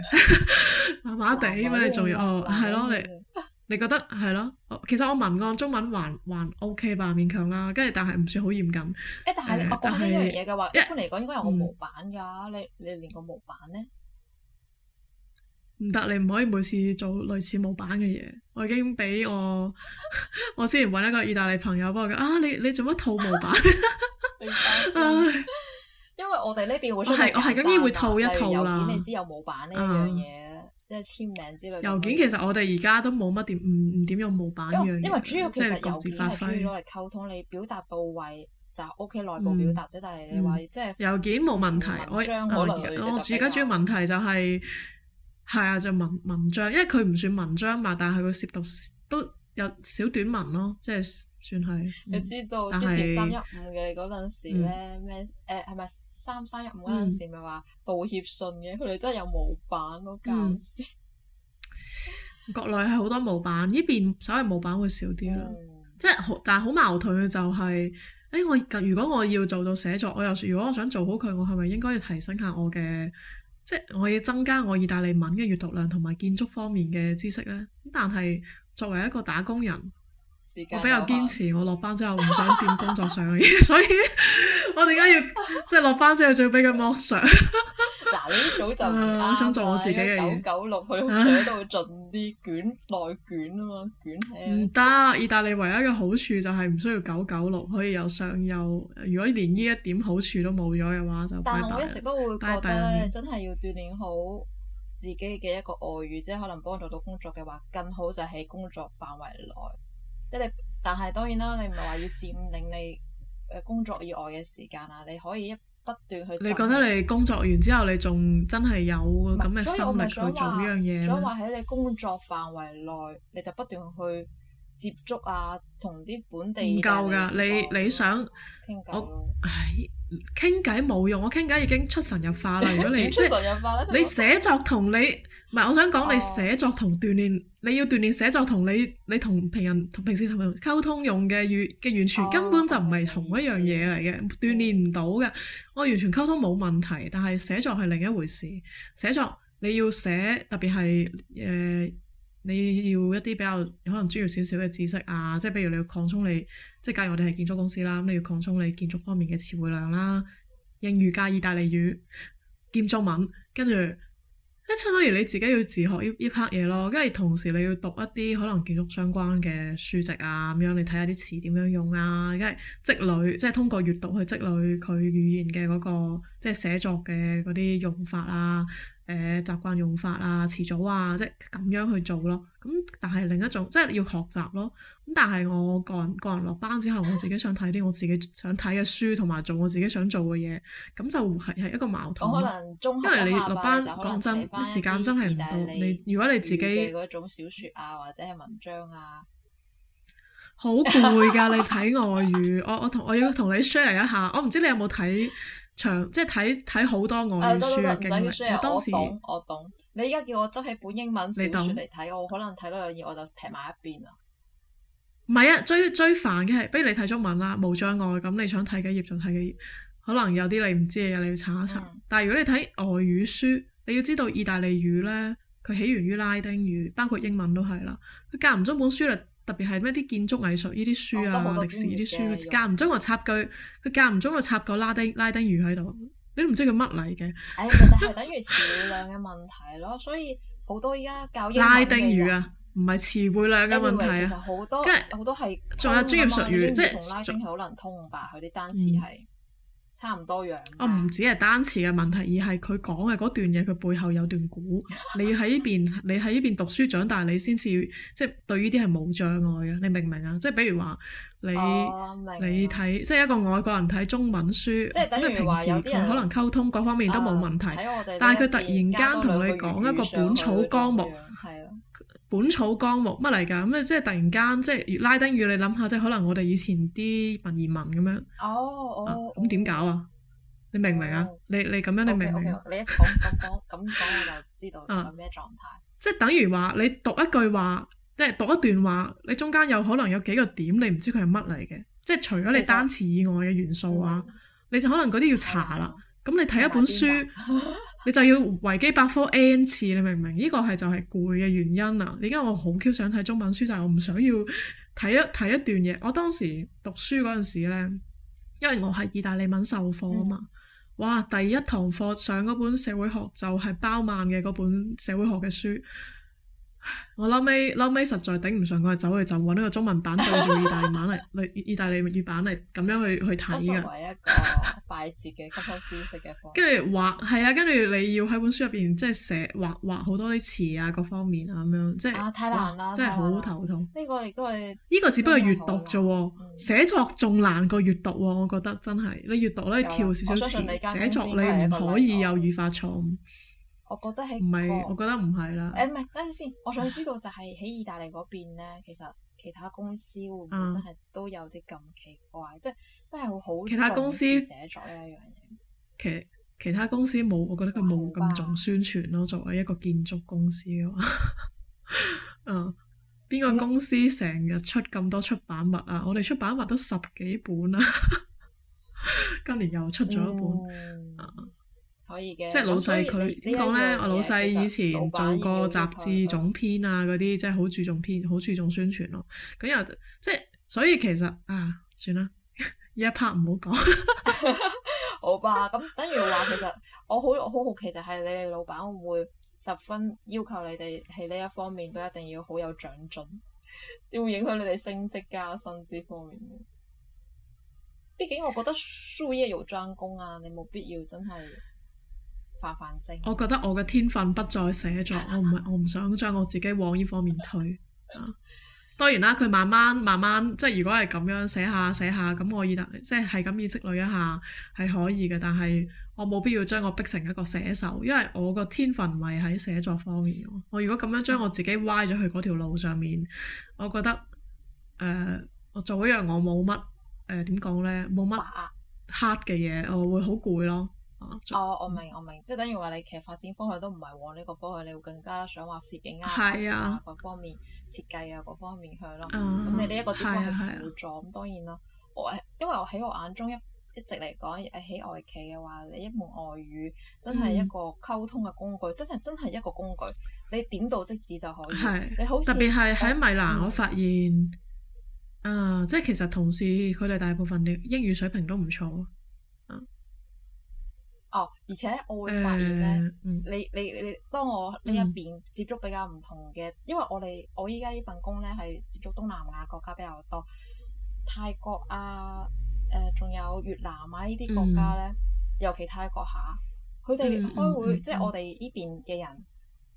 麻麻地，咁你做要哦？係咯，你你覺得係咯？其實我文案中文還還 OK 吧，勉強啦。跟住但係唔算好嚴謹。但係我講呢樣嘢嘅話，一般嚟講應該有個模板㗎。你你連個模板咧？唔得，你唔可以每次做類似模板嘅嘢。我已經俾我我之前搵一個意大利朋友，幫我講啊，你你做乜套模板？因為我哋呢邊會出係我係咁意會套一套啦。你知有模板呢樣嘢，即係簽名之類。郵件其實我哋而家都冇乜點唔唔點用模板呢樣嘢，因為主要其實郵件係主要攞嚟溝通，你表達到位就 OK，內部表達啫。但係你話即係郵件冇問題，我我我而家主要問題就係。係啊，就是，文文章，因為佢唔算文章嘛，但係佢涉讀都有小短文咯，即係算係。嗯、你知道但之前三一五嘅嗰陣時咧，咩誒係咪三三一五嗰陣時咪話道歉信嘅？佢哋、嗯、真係有模板、嗯、板，好搞笑。國內係好多模板，呢邊稍微模板會少啲啦。嗯、即係好，但係好矛盾嘅就係、是、誒、欸、我如果我要做到寫作，我又如果我想做好佢，我係咪應該要提升下我嘅？即係我要增加我意大利文嘅閱讀量同埋建築方面嘅知識咧，但係作為一個打工人。我比較堅持，我落班之後唔想掂工作上嘅嘢， 所以我哋而家要即係落班之後最，就要俾佢剝上。早早就我想做我自己嘅九九六，去到盡啲捲內卷啊嘛，捲起唔得。意大利唯一嘅好處就係唔需要九九六，可以有上休。如果連呢一點好處都冇咗嘅話，就但係我一直都會覺得但大真係要鍛煉好自己嘅一個外語，即係可能幫助到工作嘅話，更好就喺工作範圍內。即係但係當然啦，你唔係話要佔領你誒工作以外嘅時間啊，你可以一不斷去你。你覺得你工作完之後，你仲真係有咁嘅心力去做呢樣嘢咩？我想話喺你工作範圍內，你就不斷去接觸啊，同啲本地人唔夠㗎，你你想我唉。傾偈冇用，我傾偈已經出神入化啦。如果你即 你寫作同你唔係， 我想講，你寫作同鍛煉，你要鍛煉寫作同你你同平人同平時同人溝通用嘅語嘅完全，oh. 根本就唔係同一樣嘢嚟嘅，鍛煉唔到嘅。我完全溝通冇問題，但係寫作係另一回事。寫作你要寫，特別係誒。呃你要一啲比較可能專業少少嘅知識啊，即係譬如你要擴充你，即係假如我哋係建築公司啦，咁你要擴充你建築方面嘅詞彙量啦，英語加意大利語，建築文，跟住即係相當於你自己要自學呢 part 嘢咯，跟住同時你要讀一啲可能建築相關嘅書籍啊，咁樣你睇下啲詞點樣用啊，跟住積累，即係通過閱讀去積累佢語言嘅嗰個，即係寫作嘅嗰啲用法啊。誒習慣用法啊、遲早啊，即係咁樣去做咯。咁但係另一種即係要學習咯。咁但係我個人個人落班之後，我自己想睇啲我自己想睇嘅書，同埋做我自己想做嘅嘢。咁就係係一個矛盾。可能中學因為你落班講真，時間真係唔到。你如果你自己嘅嗰種小説啊，或者係文章啊，好攰㗎。你睇外語，我我同我要同你 share 一下。我唔知你有冇睇？長即係睇睇好多外語書，我當時我懂，我懂。你而家叫我執起本英文小說嚟睇，懂我可能睇多兩頁我就撇埋一邊啦。唔係啊，最最煩嘅係，比如你睇中文啦，無障礙咁，你想睇幾頁就睇幾頁，可能有啲你唔知嘅嘢你要查一查。嗯、但係如果你睇外語書，你要知道意大利語呢，佢起源於拉丁語，包括英文都係啦，佢夾唔中本書啦。特別係咩啲建築藝術呢啲書啊，學、哦、歷史呢啲書，佢間唔中話插句，佢間唔中就插個拉丁拉丁語喺度，你都唔知佢乜嚟嘅。就其、是、係等於詞彙量嘅問題咯，所以好多依家教拉丁語啊，唔係詞彙量嘅問題，跟住好多係。仲有專業術語，即係同拉丁係好難通吧？佢啲單詞係。差唔多樣。我唔止係單詞嘅問題，而係佢講嘅嗰段嘢，佢背後有段古。你喺呢邊， 你喺呢邊讀書長大，你先至即係對呢啲係冇障礙嘅。你明唔、哦、明啊？即係比如話你你睇，即係一個外國人睇中文書，即係平時可能溝通各方面都冇問題，呃、但係佢突然間同你講一個《本草綱目》。係啊。《本草綱目》乜嚟噶？咁、嗯、即係突然間，即係拉丁語。你諗下，即係可能我哋以前啲文言文咁樣。哦哦。咁點搞啊？你明唔明啊？你你咁樣，你明唔明？Okay, okay. 你一講講講咁講，我就知道係咩狀態。即係等於話，你讀一句話，即係讀一段話，你中間有可能有幾個點，你唔知佢係乜嚟嘅。即係除咗你單詞以外嘅元素啊，實你就可能嗰啲要查啦。咁、嗯、你睇一本書。 你就要維基百科 n 次，你明唔明？呢、這個係就係攰嘅原因啊！點解我好 Q 想睇中文書，但係我唔想要睇一睇一段嘢。我當時讀書嗰陣時咧，因為我係意大利文授課啊嘛，嗯、哇！第一堂課，課上嗰本社會學就係包曼嘅嗰本社會學嘅書。我嬲尾嬲尾實在頂唔順，我係走去就搵呢個中文版對住意大利文版嚟，意意大利語版嚟咁樣去去睇噶。一個快捷嘅吸收知識嘅。跟住畫係啊，跟住你要喺本書入邊即係寫畫畫好多啲詞啊，各方面啊咁樣，即係啊太難啦，真係好頭痛。呢個亦都係呢個只不過閱讀咋，寫作仲難過閱讀喎，我覺得真係。你閱讀咧跳少少詞，寫作你唔可以有語法錯誤。我覺得係唔係，我覺得唔係啦。誒唔係，等陣先。我想知道就係喺意大利嗰邊咧，其實其他公司會唔會真係都有啲咁奇怪？啊、即係真係好好其他公司寫咗呢一樣嘢。其其他公司冇，我覺得佢冇咁重宣傳咯。哇作為一個建築公司嘅嗯，邊、 啊、個公司成日出咁多出版物啊？我哋出版物都十幾本啦、啊，今 年又出咗一本、嗯可以嘅，即係老細佢點講咧？呢我老細以前做過雜誌總編啊，嗰啲、嗯、即係好注重編，好、嗯、注重宣傳咯。咁又、嗯、後即係，所以其實啊，算啦，呢一 part 唔好講， 好吧。咁等於話其實我好好好奇就係你哋老闆會唔會十分要求你哋喺呢一方面都一定要好有長進，會影響你哋升職加薪資方面。畢竟我覺得術業有專攻啊，你冇必要真係。 我覺得我嘅天分不在寫作， 我唔係，我唔想將我自己往呢方面推。 當然啦，佢慢慢慢慢，即係如果係咁樣寫下寫下，咁我以得，即係咁意積累一下係可以嘅。但係我冇必要將我逼成一個寫手，因為我個天分唔係喺寫作方面。我如果咁樣將我自己歪咗去嗰條路上面，我覺得誒、呃，我做一樣我冇乜誒，點講呢冇乜黑嘅嘢，我會好攰咯。哦，我明我明，即係等於話你其實發展方向都唔係往呢個方向，你會更加想話攝影啊、攝影啊各、啊、方面設計啊、各方面去咯。咁、嗯嗯、你呢一個只不過係輔助，咁、啊啊、當然啦。我因為我喺我眼中一一直嚟講，喺外企嘅話，你一門外語真係一個溝通嘅工具，嗯、真係真係一個工具。你點到即止就可以。係是你好特別係喺米蘭，我發現，嗯嗯、啊，即係其實同事佢哋大部分嘅英語水平都唔錯。哦，而且我會發現咧、嗯，你你你，當我呢一邊接觸比較唔同嘅，嗯、因為我哋我依家呢份工咧係接觸東南亞國家比較多，泰國啊，誒、呃、仲有越南啊呢啲國家咧，嗯、尤其泰國下佢哋開會即係、嗯、我哋呢邊嘅人，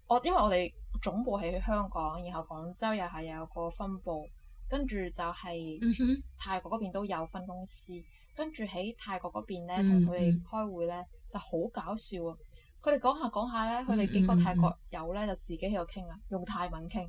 我、嗯、因為我哋總部喺香港，然後廣州又係有個分部，跟住就係泰國嗰邊都有分公司。嗯嗯跟住喺泰國嗰邊咧，同佢哋開會咧，嗯、就好搞笑啊！佢哋講下講下咧，佢哋幾個泰國友咧就自己喺度傾啊，用泰文傾，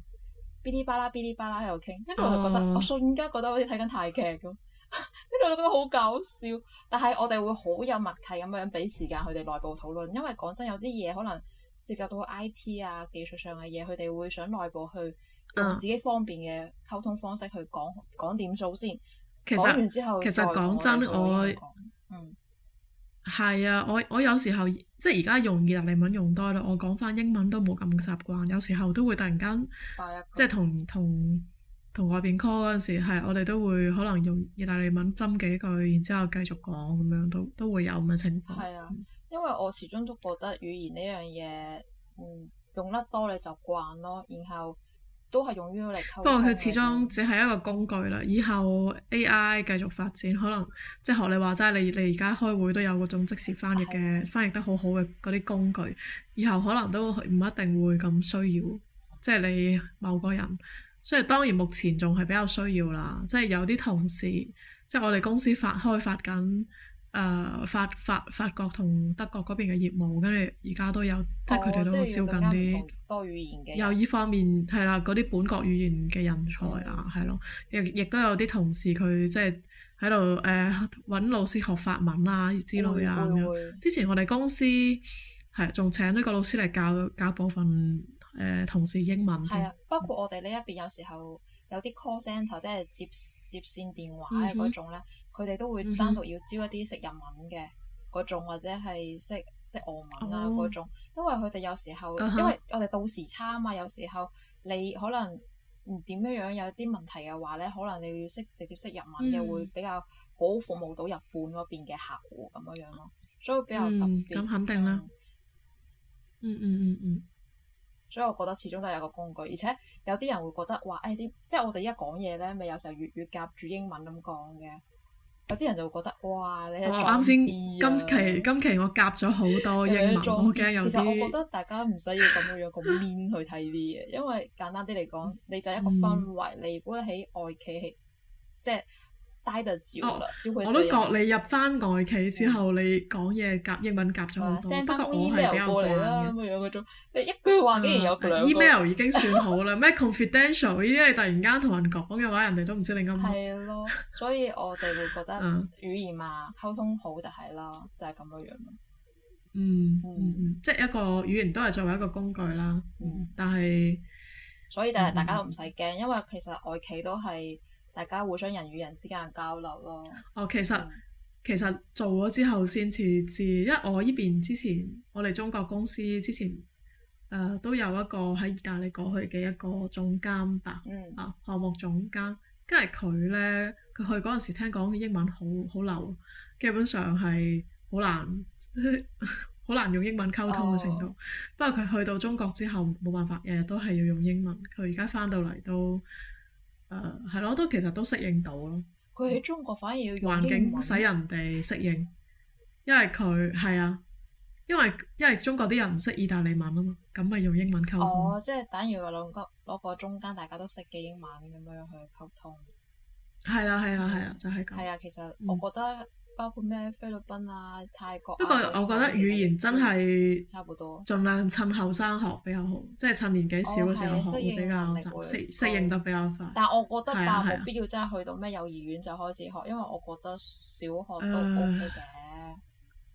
嗶哩吧啦，嗶哩吧啦喺度傾，跟住我就覺得，呃、我瞬間覺得好似睇緊泰劇咁，跟住我覺得好搞笑。但係我哋會好有默契咁樣俾時間佢哋內部討論，因為講真有啲嘢可能涉及到 IT 啊技術上嘅嘢，佢哋會想內部去用自己方便嘅溝通方式去講講點做先。其實其實講真，說我嗯係啊，我我有時候即係而家用意大利文用多咯，我講返英文都冇咁習慣，有時候都會突然間即係同同同外邊 call 嗰陣時係，我哋都會可能用意大利文斟幾句，然之後繼續講咁樣都都會有咁嘅情況。係啊，因為我始終都覺得語言呢樣嘢，嗯，用得多你習慣咯，然後。都係用於嚟溝通，不過佢始終只係一個工具啦。以後 AI 繼續發展，可能即係學你話齋，你你而家開會都有嗰種即時翻譯嘅的翻譯得好好嘅嗰啲工具。以後可能都唔一定會咁需要，即係你某個人。所以當然目前仲係比較需要啦，即係有啲同事，即係我哋公司發開發緊。誒法法法國同德國嗰邊嘅業務，跟住而家都有，哦、即係佢哋都招緊啲多語言嘅。有依方面係啦，嗰啲本國語言嘅人才啊，係咯、嗯，亦亦都有啲同事佢即係喺度誒揾老師學法文啊之類啊咁樣。之前我哋公司係仲請呢個老師嚟教教部分誒、呃、同事英文。係啊，包括我哋呢一邊有時候有啲 call centre 即係接接線電話嘅嗰種咧。嗯嗯佢哋都會單獨要招一啲識日文嘅嗰種，或者係識即係俄文啊嗰種，因為佢哋有時候，因為我哋到時差啊嘛。有時候你可能唔點樣樣有啲問題嘅話咧，可能你要識直接識日文嘅會比較好服務到日本嗰邊嘅客戶咁樣樣咯，所以比較特別咁肯定啦。嗯嗯嗯嗯，所以我覺得始終都係有個工具，而且有啲人會覺得哇誒啲即係我哋依家講嘢咧，咪有時候粵語夾住英文咁講嘅。有啲人就會覺得，哇！你係做啱先，今期今期我夾咗好多英文，我驚有啲。Okay, 其實我覺得大家唔使要咁樣咁 mean 去睇啲嘢，因為簡單啲嚟講，嗯、你就一個氛圍。嗯、你如果喺外企，嗯、即係。我都、哦、覺你入翻外企之後，嗯、你講嘢夾英文夾咗好多，嗯、不過我係比較懶嘅。你一句話竟然有兩 email 已經算好啦，咩 confidential 呢啲你突然間同人講嘅話，人哋都唔知你咁。係咯，所以我哋會覺得語言啊溝通好就係咯，就係咁樣樣咯。嗯嗯嗯，即係一個語言都係作為一個工具啦，嗯、但係所以就係大家都唔使驚，因為其實外企都係。大家互相人與人之間嘅交流咯。哦，其實、嗯、其實做咗之後先至知，因為我依邊之前我嚟中國公司之前，誒、呃、都有一個喺意大利過去嘅一個總監吧，嗯、啊項目總監，跟住佢呢，佢去嗰陣時聽講英文好好流，基本上係好難好 難用英文溝通嘅程度。哦、不過佢去到中國之後冇辦法，日日都係要用英文。佢而家翻到嚟都。誒係咯，都、 嗯、其實都適應到咯。佢喺中國反而要用英文、啊、環境使人哋適應，因為佢係啊，因為因為中國啲人唔識意大利文啊嘛，咁咪用英文溝通。哦，即係等於話兩個攞個中間大家都識嘅英文咁樣去溝通。係 啦，係啦，係啦，就係、是、咁、這個。係啊，其實我覺得、嗯。包括咩菲律賓啊、泰國啊，不過我覺得語言真係差唔多，盡量趁後生學比較好，即係趁年紀小嘅時候學會比較，適適、哦、應得比較快。但係我覺得吧，冇必要真係去到咩幼兒園就開始學，因為我覺得小學都 O K 嘅。呃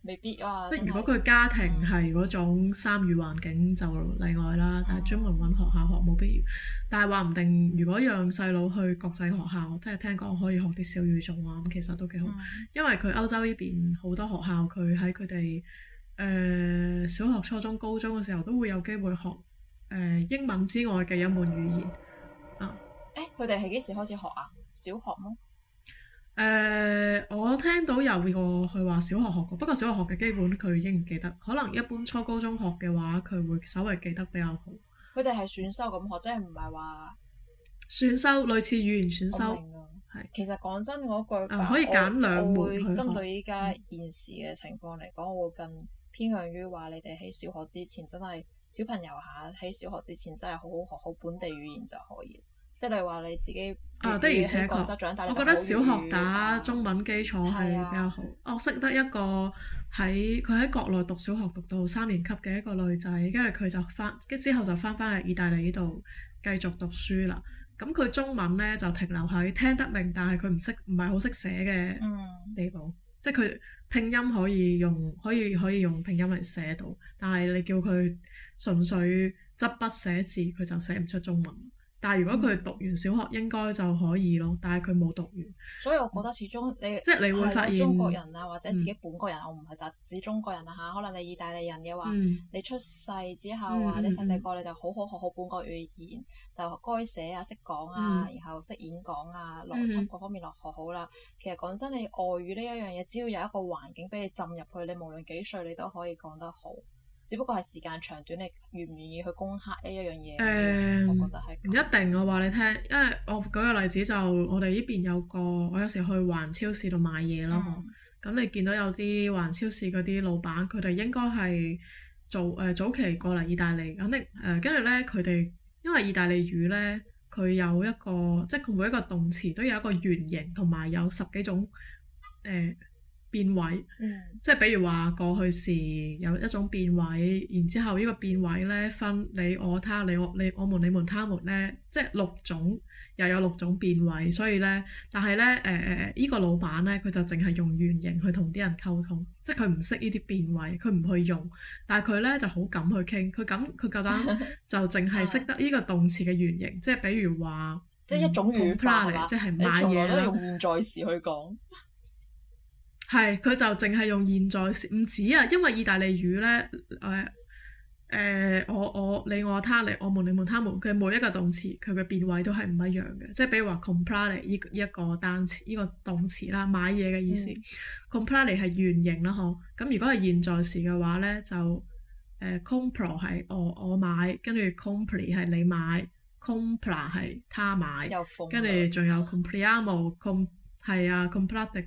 未必啊！即係是是如果佢家庭係嗰種三語環境、嗯、就例外啦，但係專門揾學校學冇、嗯、必要。但係話唔定，如果讓細佬去國際學校，都係聽講可以學啲小語種啊，咁其實都幾好，嗯、因為佢歐洲呢邊好、嗯、多學校佢喺佢哋誒小學、初中、高中嘅時候都會有機會學誒、呃、英文之外嘅一門語言啊。誒，佢哋係幾時開始學啊？小學嗎？誒，uh, 我聽到有個佢話小學學過，不過小學學嘅基本佢應唔記得，可能一般初高中學嘅話，佢會稍微記得比較好。佢哋係選修咁學，即係唔係話選修類似語言選修？係。是其實講真嗰句、嗯，可以揀兩門去學。針對依家現時嘅情況嚟講，嗯、我會更偏向於話你哋喺小，小，小學之前真係小朋友下喺小學之前真係好好學好本地語言就可以。即係例如話你自己，誒的而且確，我覺得小學打中文基礎係比較好。啊、我識得一個喺佢喺國內讀小學讀到三年級嘅一個女仔，跟住佢就翻跟之後就翻返去意大利呢度繼續讀書啦。咁佢中文呢就停留喺聽得明，但係佢唔識唔係好識寫嘅地步，嗯、即係佢拼音可以用可以可以用拼音嚟寫到，但係你叫佢純粹執筆寫字，佢就寫唔出中文。但係如果佢讀完小學應該就可以咯，但係佢冇讀完。所以我覺得始終你即係你會發現中國人啊，或者自己本國人，嗯、我唔係特指中國人嚇、啊，可能你意大利人嘅話，嗯、你出世之後啊，嗯、你細細個你就好好學好本國語言，嗯、就該寫啊、識講啊，嗯、然後識演講啊、邏、嗯、輯各方面落學好啦。嗯、其實講真，你外語呢一樣嘢，只要有一個環境俾你浸入去，你無論幾歲你都可以講得好，只不過係時間長短，你願唔願意去攻克呢一樣嘢，誒、呃，我覺得係唔一定。我話你聽，因為我舉個例子，就我哋呢邊有個，我有時去環超市度買嘢啦。咁、嗯、哼你見到有啲環超市嗰啲老闆，佢哋應該係做誒早期過嚟意大利，肯定誒跟住咧佢哋，因為意大利語咧，佢有一個即係佢每一個動詞都有一個原形，同埋有十幾種誒。呃變位，即係比如話過去時有一種變位，然之後呢個變位呢分你我他、你我你我們你們他們咧，即係六種，又有六種變位，所以咧，但係咧誒，呢、呃呢個老闆咧佢就淨係用原形去同啲人溝通，即係佢唔識呢啲變位，佢唔去用，但係佢咧就好敢去傾，佢敢佢夠膽就淨係識得呢個動詞嘅原形，即係比如話，即係一種語法，即係、就是、買嘢都用現在時去講。係，佢、 嗯、就淨係用現在時唔止啊，因為意大利語呢，誒、哎、誒、呃，我我你我他你我們你們他們嘅每一個動詞佢嘅變位都係唔一樣嘅，即係比如話 comprare 呢 e 一,一個單詞呢個動詞啦，買嘢嘅意思 comprare 係原形啦，嗬咁、嗯嗯嗯、如果係現在時嘅話呢，就誒 compro 係我我買，跟住 compre 係你買，compra 係他買，跟住仲有 compriamo com 係啊 c o m p l y t c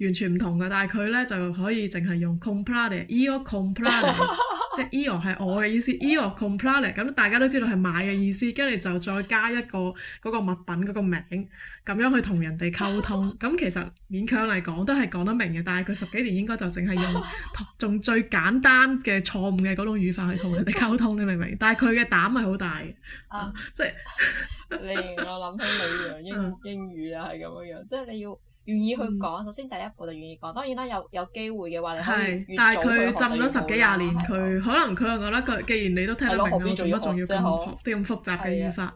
完全唔同噶，但係佢咧，就可以淨係用 compra，io compra， 即係 io 係我嘅意思，io compra 咁大家都知道係買嘅意思，跟住 就再加一個嗰個物品嗰個名，咁樣去同人哋溝通。咁 其實勉強嚟講都係講得明嘅，但係佢十幾年應該就淨係用用最簡單嘅錯誤嘅嗰種語法去同人哋溝通，你明唔明？但係佢嘅膽係好大，即係。你我諗起李陽英英語啊，係咁樣樣，即係你要。願意去講，首先第一步就願意講。當然啦，有有機會嘅話，你可以越早去學啲好嘅語言。係，但係佢浸咗十幾廿年，佢可能佢又覺得佢，既然你都聽到咁多，仲要即係咁學啲咁複雜嘅語法，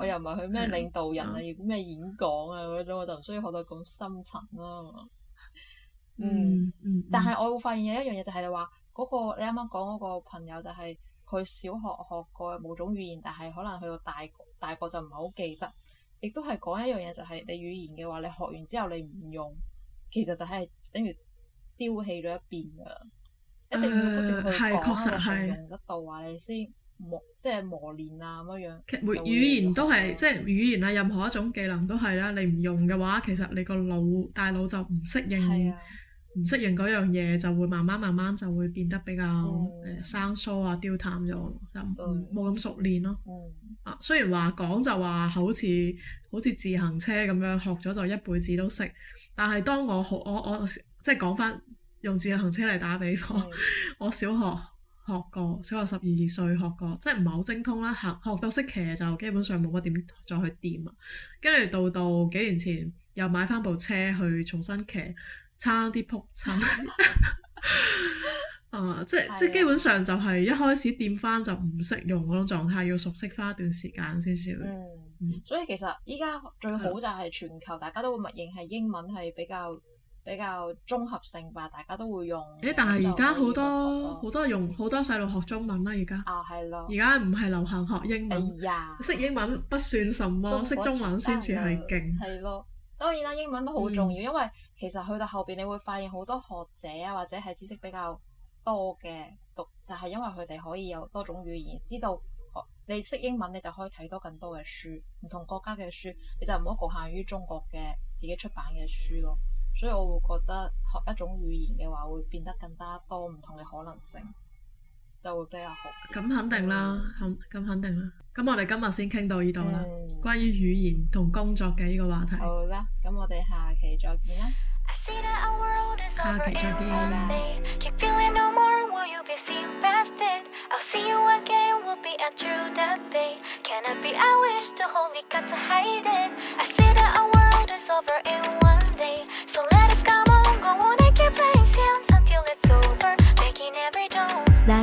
我又唔係佢咩領導人啊，要咩演講啊嗰種，我就唔需要學到咁深層咯。嗯，但係我會發現有一樣嘢就係話，嗰個你啱啱講嗰個朋友就係佢小學學過某種語言，但係可能佢大大個就唔係好記得。亦都係講一樣嘢，就係、是、你語言嘅話，你學完之後你唔用，其實就係等於丟棄咗一邊噶啦，呃、一定要去講下仲用得到，話你先磨即係磨練啊咁樣。其實每語言都係即係語言啊，任何一種技能都係啦。你唔用嘅話，其實你個腦大腦就唔適應。唔適應嗰樣嘢，就會慢慢慢慢就會變得比較、嗯欸、生疏啊、丟淡咗，冇冇咁熟練咯。啊、嗯，雖然話講就話好似好似自行車咁樣學咗就一輩子都識，但係當我學我我即係講翻用自行車嚟打比方，嗯、 我小學學過，小學十二歲學過，即係唔係好精通啦，學學到識騎就基本上冇乜點再去掂啊。跟住到到幾年前又買翻部車去重新騎。差啲仆親，啊！即係即係基本上就係一開始點翻就唔識用嗰種狀態，要熟悉花一段時間先至。嗯，所以其實依家最好就係全球大家都會默認係英文係比較比較綜合性吧，大家都會用。誒，但係而家好多好多用好多細路學中文啦，而家啊係咯，而家唔係流行學英文，識英文不算什麼，識中文先至係勁。係咯。當然啦，英文都好重要，因為其實去到後邊，你會發現好多學者啊，或者係知識比較多嘅讀，就係因為佢哋可以有多種語言，知道你識英文，你就可以睇到更多嘅書，唔同國家嘅書，你就唔好局限於中國嘅自己出版嘅書咯。所以，我會覺得學一種語言嘅話，會變得更加多唔同嘅可能性。就會比較好，咁肯定啦，咁咁、嗯、肯，肯定啦，咁我哋今日先傾到呢度啦，嗯、關於語言同工作嘅呢個話題。好啦，咁我哋下期再見啦，下期再見。